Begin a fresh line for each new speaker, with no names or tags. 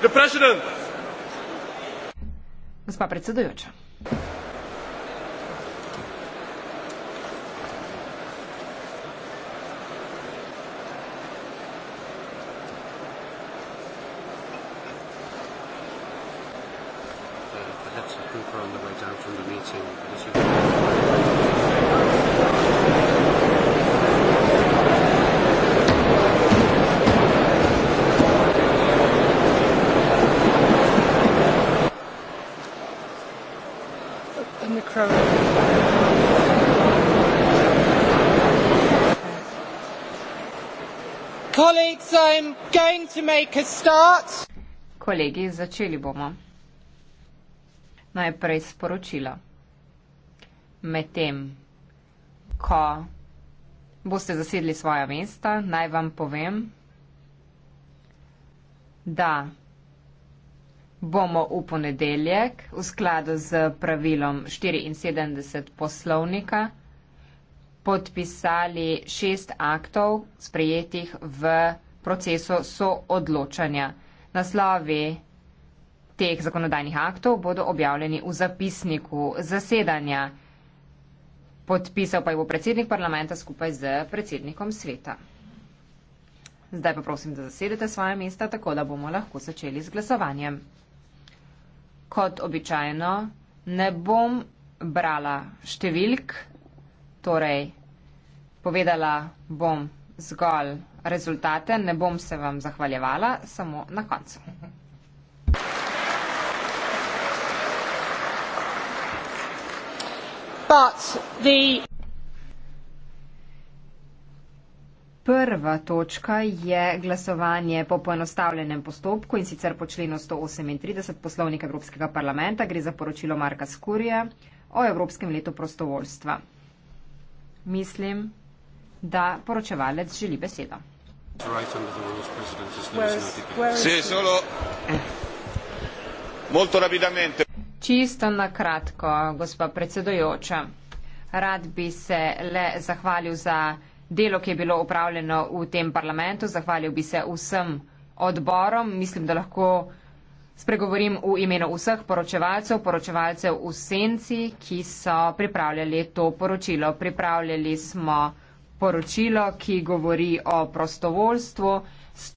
The president. Gospa predsedujoča. Uh, perhaps I can find a way down from the meeting. But as you can... in the crowd. Colleagues, I'm going to make a start. Kolegi, začeli bomo. Najprej sporočilo. Medtem, ko boste zasedli svoja mesta, naj vam povem, da bomo v ponedeljek v skladu z pravilom 74 poslovnika podpisali šest aktov sprejetih v procesu soodločanja. Naslovi teh zakonodajnih aktov bodo objavljeni v zapisniku zasedanja. Podpisal pa jih bo predsednik parlamenta skupaj z predsednikom sveta. Zdaj pa prosim, da zasedete svoje mesta, tako da bomo lahko začeli z glasovanjem kot običajno, ne bom brala številk, torej povedala bom zgolj rezultate, ne bom se vam zahvaljevala, samo na koncu. But the Prva točka je glasovanje po poenostavljenem postopku in sicer po členu 138 poslovnika Evropskega parlamenta. Gre za poročilo Marka Skurija o Evropskem letu prostovoljstva. Mislim, da poročevalec želi besedo. Čisto na kratko, gospa predsedojoča. Rad bi se le zahvalil za delo, ki je bilo upravljeno v tem parlamentu. Zahvalil bi se vsem odborom. Mislim, da lahko spregovorim v imenu vseh poročevalcev, poročevalcev v senci, ki so pripravljali to poročilo. Pripravljali smo poročilo, ki govori o prostovoljstvu.